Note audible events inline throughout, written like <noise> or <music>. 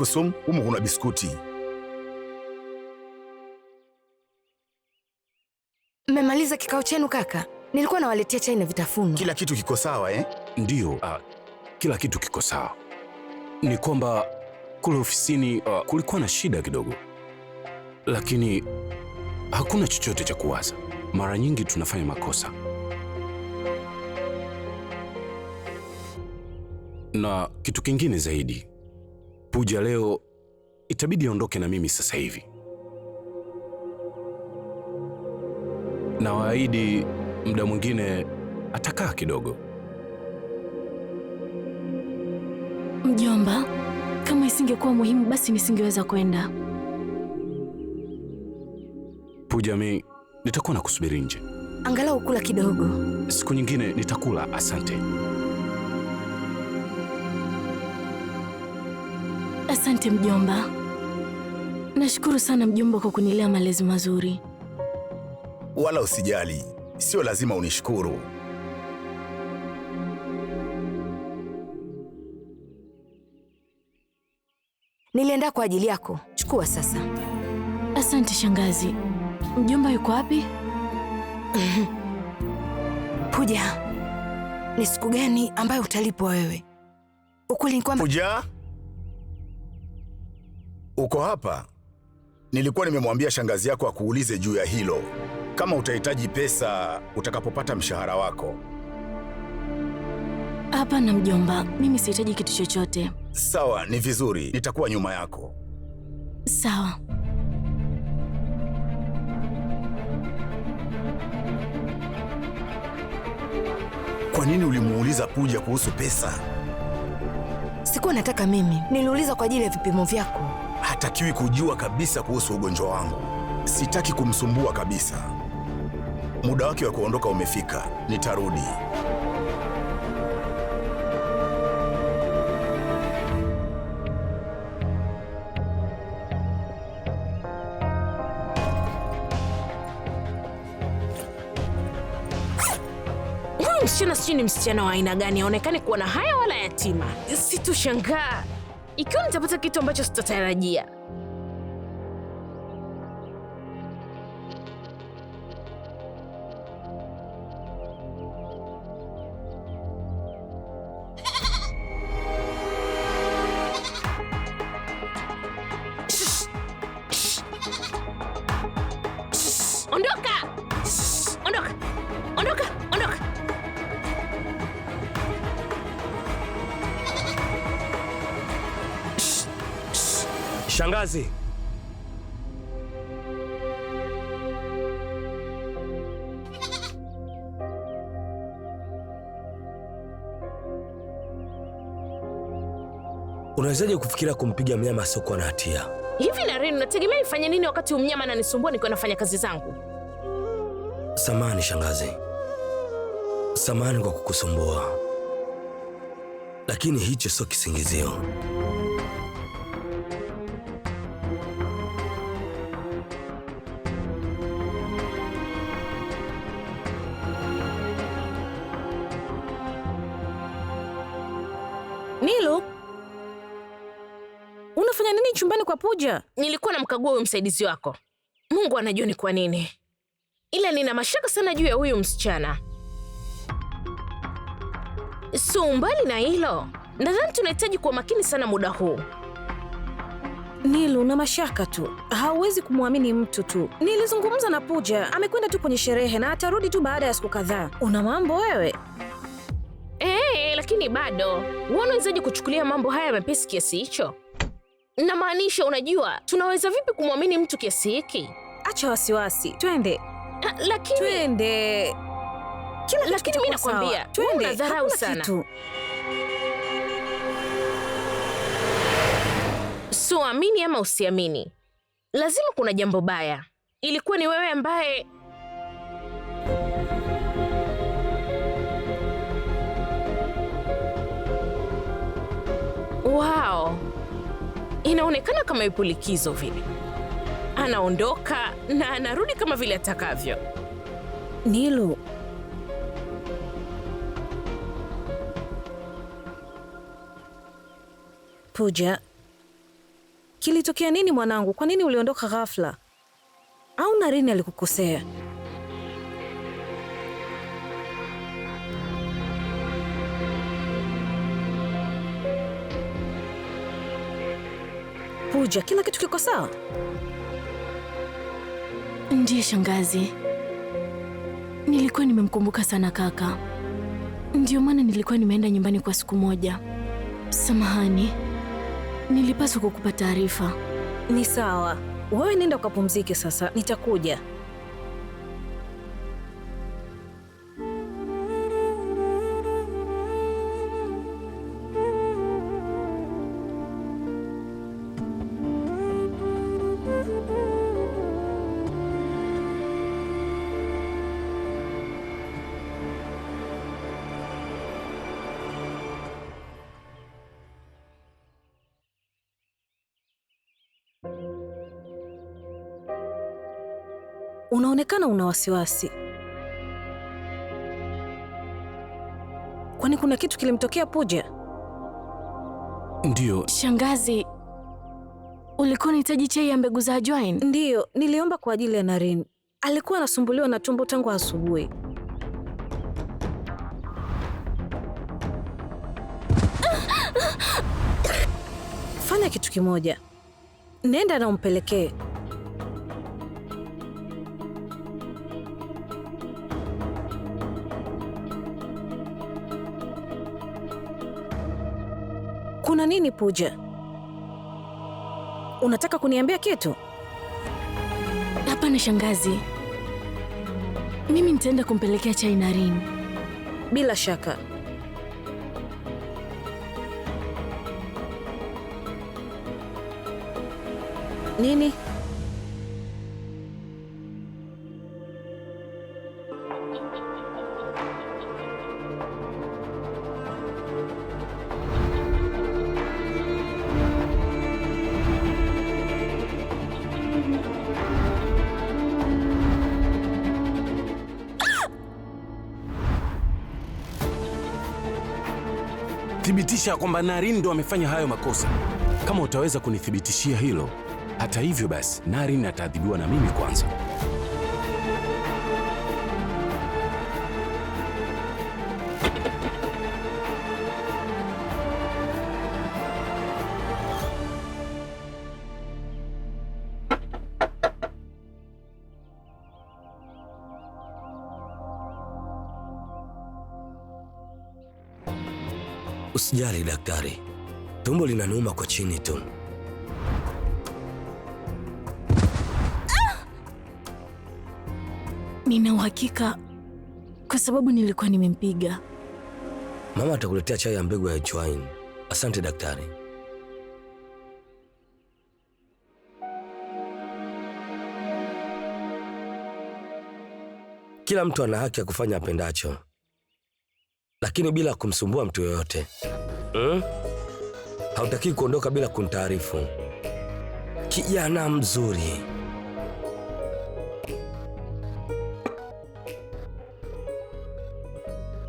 Kusum, umuhuna biskuti. Mmemaliza kikao chenu kaka? Nilikuwa nawaletea chai na vitafunwa. Kila kitu kiko sawa eh? Ndiyo. Uh, ah, kila kitu kiko sawa. Ni kwamba kule ofisini uh, kulikuwa na shida kidogo, lakini hakuna chochote cha kuwaza. Mara nyingi tunafanya makosa na kitu kingine zaidi Puja leo itabidi aondoke na mimi sasa hivi. Nawaahidi muda mwingine atakaa kidogo. Mjomba, kama isingekuwa muhimu basi nisingeweza kwenda. Puja, mi nitakuwa na kusubiri nje, angalau kula kidogo. Siku nyingine nitakula. Asante. Asante mjomba. Nashukuru sana mjomba kwa kunilea malezi mazuri. Wala usijali, sio lazima unishukuru. Nilienda kwa ajili yako, chukua sasa. Asante shangazi. Mjomba yuko wapi? <laughs> Puja, ni siku gani ambayo utalipwa wewe? Ukweli ni kwamba Puja uko hapa? Nilikuwa nimemwambia shangazi yako akuulize juu ya hilo, kama utahitaji pesa utakapopata mshahara wako. Hapana mjomba, mimi sihitaji kitu chochote. Sawa, ni vizuri, nitakuwa nyuma yako. Sawa. Kwa nini ulimuuliza Pooja kuhusu pesa? Sikuwa nataka mimi, niliuliza kwa ajili ya vipimo vyako hatakiwi kujua kabisa kuhusu ugonjwa wangu. Sitaki kumsumbua kabisa. Muda wake wa kuondoka umefika, nitarudi. Msichana sijui ni msichana wa aina gani, aonekane kuwa na haya wala yatima. Situshangaa ikiwa nitapata kitu ambacho sitatarajia. Shangazi, unawezaje kufikiria kumpiga mnyama asiokuwa na hatia hivi? Naren, nategemea nifanye nini wakati mnyama ananisumbua nikiwa nafanya kazi zangu? Samani shangazi, samani kwa kukusumbua, lakini hicho sio kisingizio. unafanya nini chumbani kwa puja Nilikuwa namkagua huyu msaidizi wako. Mungu anajua ni kwa nini, ila nina mashaka sana juu ya huyu msichana. So umbali na hilo, nadhani tunahitaji kuwa makini sana muda huu. Nilu, una mashaka tu, hauwezi kumwamini mtu tu. Nilizungumza na puja amekwenda tu kwenye sherehe na atarudi tu baada ya siku kadhaa. Una mambo wewe. Eh, lakini bado wanawezaje kuchukulia mambo haya mepesi kiasi hicho? Namaanisha, unajua tunaweza vipi kumwamini mtu kiasi hiki? Acha wasiwasi, twende. lakini twende. Kila lakini mimi nakwambia, twende. Unadharau sana kitu. So ama usiamini, lazima kuna jambo baya. Ilikuwa ni wewe ambaye wow. Inaonekana kama yupo likizo vile, anaondoka na anarudi kama vile atakavyo. Nilu, Puja, kilitokea nini mwanangu? Kwa nini uliondoka ghafla? Au Naren alikukosea? kuja, kila kitu kiko sawa? Ndiyo shangazi, nilikuwa nimemkumbuka sana kaka, ndio maana nilikuwa nimeenda nyumbani kwa siku moja. Samahani, nilipaswa kukupa taarifa. Ni sawa, wewe nenda ukapumzike sasa, nitakuja. Unaonekana una wasiwasi. Kwani kuna kitu kilimtokea Pooja? Ndiyo. Shangazi, ulikuwa unahitaji chai ya mbegu za ajwain? Ndiyo, niliomba kwa ajili ya Naren. Alikuwa anasumbuliwa na tumbo tangu asubuhi. Fanya kitu kimoja, nenda na umpelekee nini Pooja? Unataka kuniambia kitu? Hapana shangazi, mimi nitaenda kumpelekea chai Naren. Bila shaka. Nini? kuthibitisha kwamba Naren ndo amefanya hayo makosa. Kama utaweza kunithibitishia hilo, hata hivyo basi Naren ataadhibiwa na mimi kwanza. Usijali daktari, tumbo linanuma kwa chini tu. Nina uhakika kwa sababu nilikuwa nimempiga. Mama atakuletea chai ya mbegu ya jwaini. Asante daktari. Kila mtu ana haki ya kufanya apendacho lakini bila kumsumbua mtu yoyote Eh? Hautaki kuondoka bila kunitaarifu. Kijana mzuri.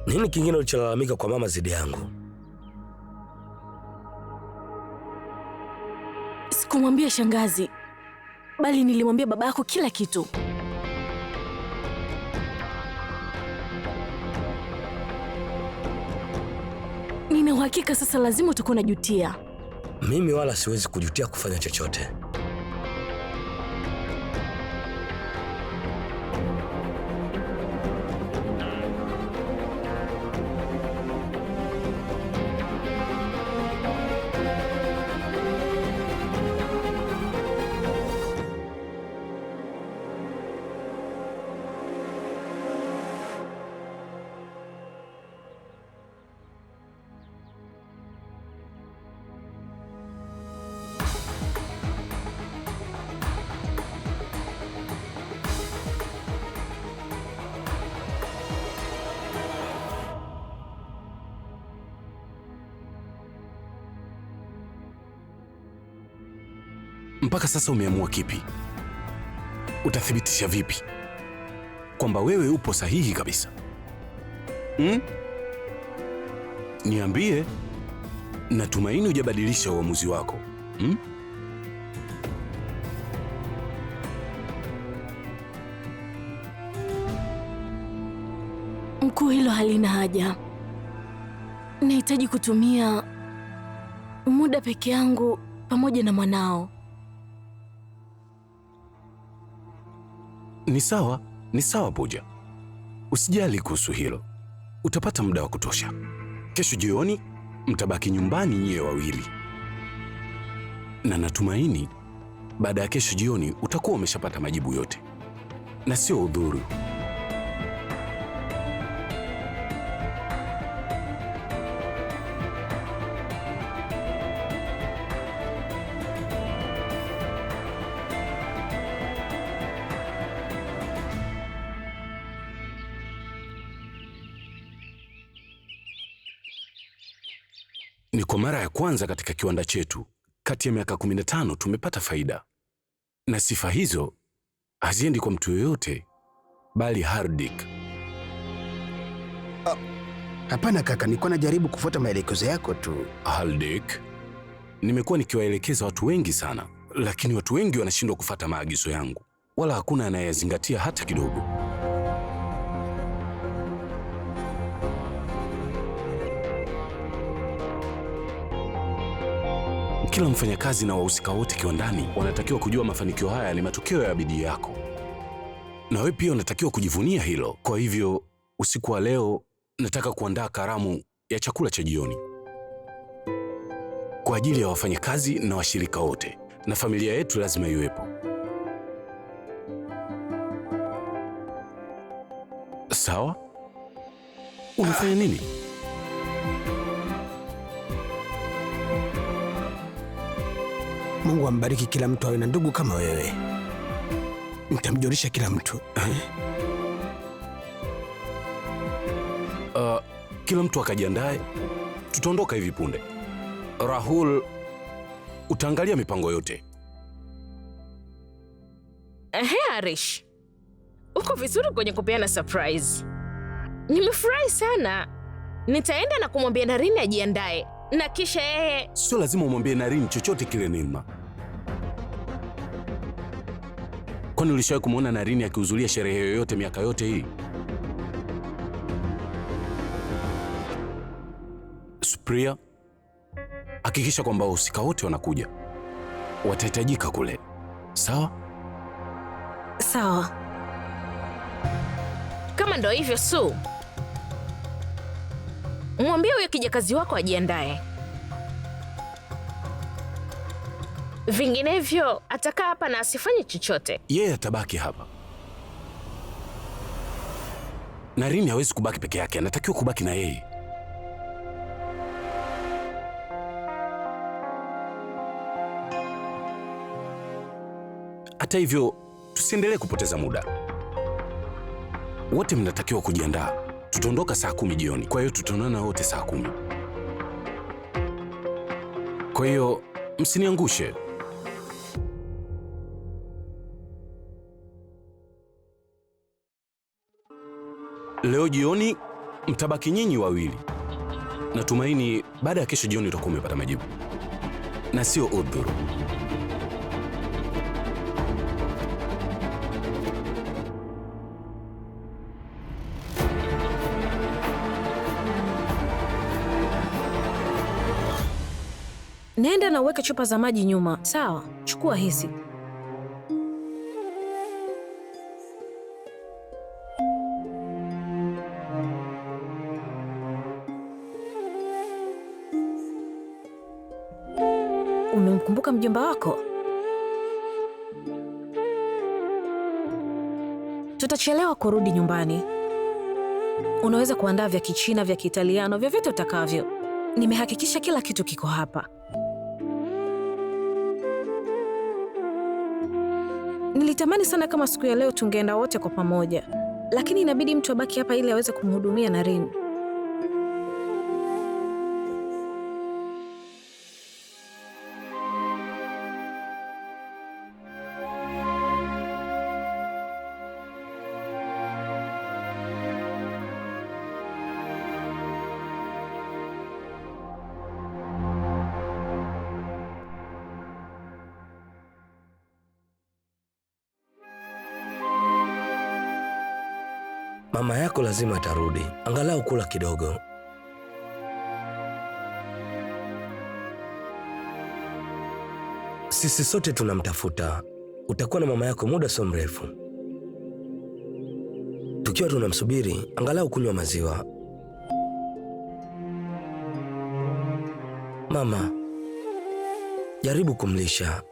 Nini kingine ulicholalamika kwa mama zidi yangu? Sikumwambia shangazi, bali nilimwambia baba yako kila kitu. Nina uhakika sasa lazima utakuwa unajutia. Mimi wala siwezi kujutia kufanya chochote. Mpaka sasa umeamua kipi? Utathibitisha vipi kwamba wewe upo sahihi kabisa hmm? Niambie, natumaini hujabadilisha uamuzi wako hmm? Mkuu, hilo halina haja. Nahitaji kutumia muda peke yangu pamoja na mwanao. Ni sawa, ni sawa puja usijali kuhusu hilo, utapata muda wa kutosha. Kesho jioni mtabaki nyumbani nyewe wawili, na natumaini baada ya kesho jioni utakuwa umeshapata majibu yote na sio udhuru. kwanza katika kiwanda chetu, kati ya miaka 15 tumepata faida, na sifa hizo haziendi kwa mtu yoyote, bali Hardik. Ah, hapana kaka, nilikuwa najaribu kufuata maelekezo yako tu. Hardik, nimekuwa nikiwaelekeza watu wengi sana, lakini watu wengi wanashindwa kufata maagizo yangu, wala hakuna anayeyazingatia hata kidogo. Kila mfanyakazi na wahusika wote kiwandani wanatakiwa kujua mafanikio haya ni matokeo ya bidii yako, na wewe pia unatakiwa kujivunia hilo. Kwa hivyo usiku wa leo nataka kuandaa karamu ya chakula cha jioni kwa ajili ya wafanyakazi na washirika wote, na familia yetu lazima iwepo. Sawa, unafanya nini? Mungu ambariki kila mtu awe na ndugu kama wewe. Nitamjulisha kila mtu eh? uh, kila mtu akajiandae, tutaondoka hivi punde. Rahul, utaangalia mipango yote. Ehe, Arish, uko vizuri kwenye kupeana surprise. Nimefurahi sana. Nitaenda na kumwambia Naren ajiandae na kisha yeye. Sio lazima umwambie Naren chochote kile, Nilma. Kwani ulishawahi kumwona Naren akihudhuria sherehe yoyote miaka yote hii? Supriya, hakikisha kwamba wahusika wote wanakuja, watahitajika kule. Sawa sawa, kama ndo hivyo Su. Mwambie huyo kijakazi wako ajiandae, vinginevyo atakaa hapa na asifanye chochote. Yeye yeah, atabaki hapa. Rini hawezi kubaki peke yake, anatakiwa kubaki na yeye. Hata hivyo, tusiendelee kupoteza muda, wote mnatakiwa kujiandaa. Tutaondoka saa kumi jioni, kwa hiyo tutaonana wote saa kumi. Kwa hiyo msiniangushe. Leo jioni mtabaki nyinyi wawili. Natumaini baada ya kesho jioni utakuwa umepata majibu na sio udhuru. Nenda na uweke chupa za maji nyuma. Sawa, chukua hizi. Umemkumbuka mjomba wako? Tutachelewa kurudi nyumbani. Unaweza kuandaa vya Kichina, vya Kiitaliano, vyovyote utakavyo. Nimehakikisha kila kitu kiko hapa. Nilitamani sana kama siku ya leo tungeenda wote kwa pamoja, lakini inabidi mtu abaki hapa ili aweze kumhudumia Naren. Mama yako lazima atarudi, angalau kula kidogo. Sisi sote tunamtafuta. Utakuwa na mama yako muda sio mrefu. Tukiwa tunamsubiri, angalau kunywa maziwa. Mama, jaribu kumlisha,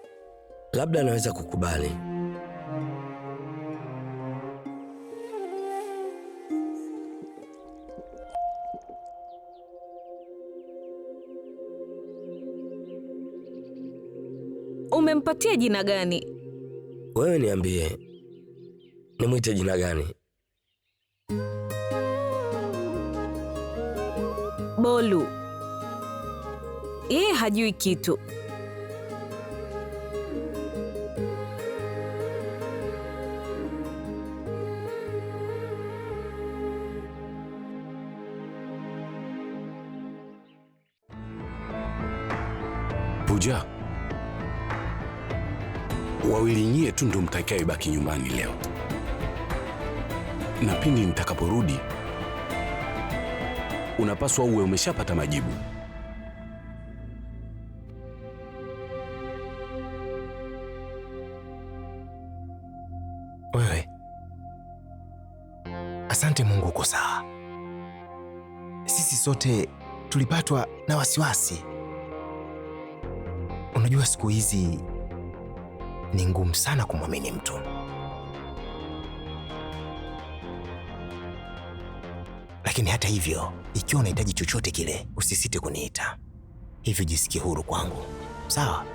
labda anaweza kukubali. nimwite jina gani? Wewe niambie, nimwite jina gani? Bolu. Yeye hajui kitu. Puja wawili nyie tu ndo ibaki nyumbani leo, na pindi nitakaporudi unapaswa uwe umeshapata majibu. Wewe asante Mungu, uko sawa. Sisi sote tulipatwa na wasiwasi. Unajua siku hizi ni ngumu sana kumwamini mtu. Lakini hata hivyo, ikiwa unahitaji chochote kile, usisite kuniita. Hivyo jisikie huru kwangu, sawa?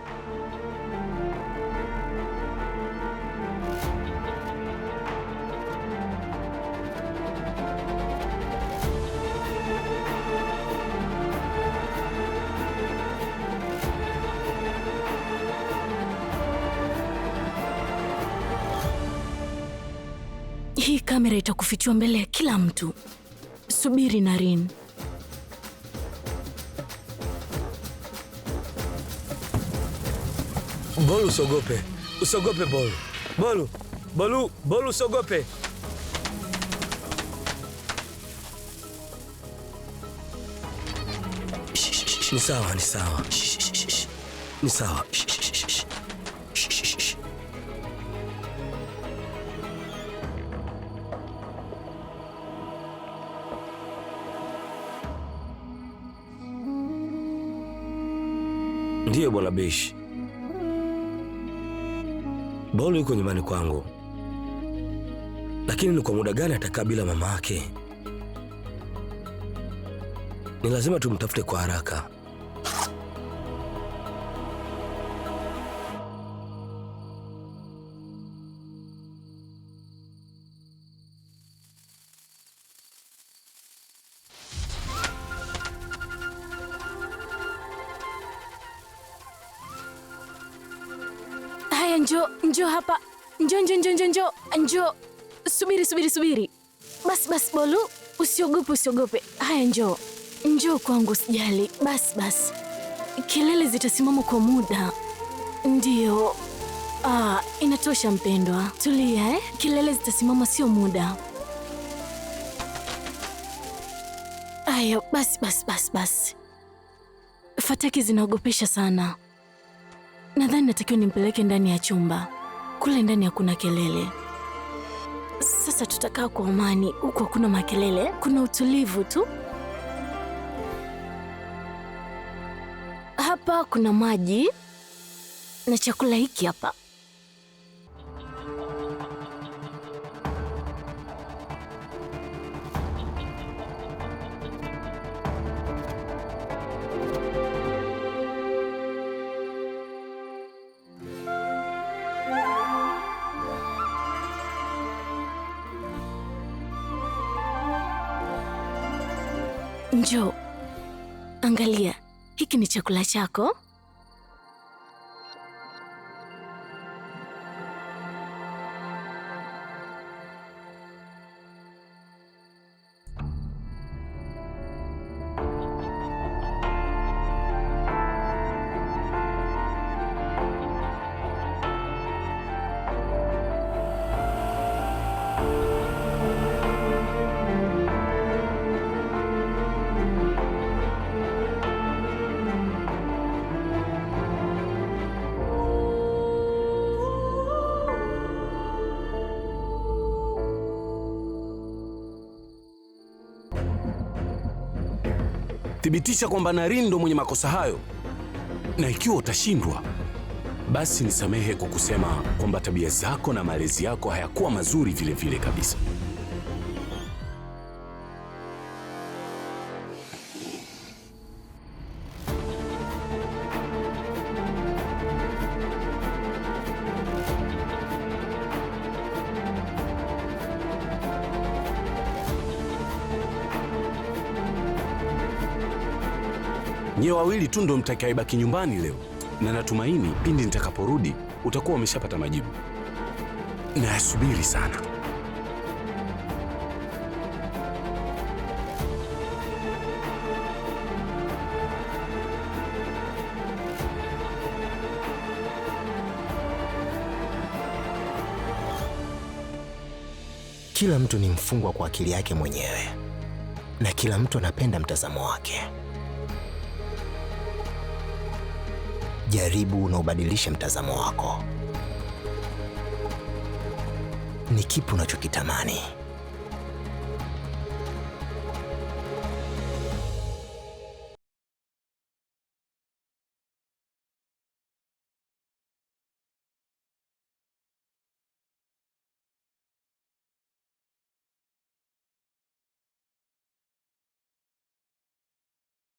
kamera itakufichua mbele ya kila mtu. Subiri Naren. Bolu, usogope, usogope Bolu, Bolu, Bolu, Bolu, usogope. Ni sawa, ni sawa, ni sawa. Ndiyo Bwana Bish, Baulu yuko nyumbani kwangu, lakini ni kwa muda gani atakaa bila mama yake? Ni lazima tumtafute kwa haraka. Haya, njo njo hapa, njo njo njo njo njo njo. Subiri subiri subiri, basi basi, Bolu, usiogope usiogope. Haya, njo njo kwangu, sijali. Basi basi, kelele zitasimama kwa muda. Ndiyo. Ah, inatosha mpendwa, tulia eh? Kelele zitasimama, sio muda. Ayo, basi basi basi basi, fataki zinaogopesha sana. Nadhani natakiwa nimpeleke ndani ya chumba. Kule ndani hakuna kelele. Sasa tutakaa kwa amani, huko hakuna makelele, kuna utulivu tu. Hapa kuna maji na chakula hiki hapa. chakula chako thibitisha kwamba Naren ndo mwenye makosa hayo, na ikiwa utashindwa, basi nisamehe kwa kusema kwamba tabia zako na malezi yako hayakuwa mazuri vilevile vile kabisa. wawili tu ndo mtakaibaki nyumbani leo, na natumaini pindi nitakaporudi utakuwa umeshapata majibu. Nayasubiri sana. Kila mtu ni mfungwa kwa akili yake mwenyewe na kila mtu anapenda mtazamo wake. jaribu na ubadilishe mtazamo wako. Ni kipi unachokitamani?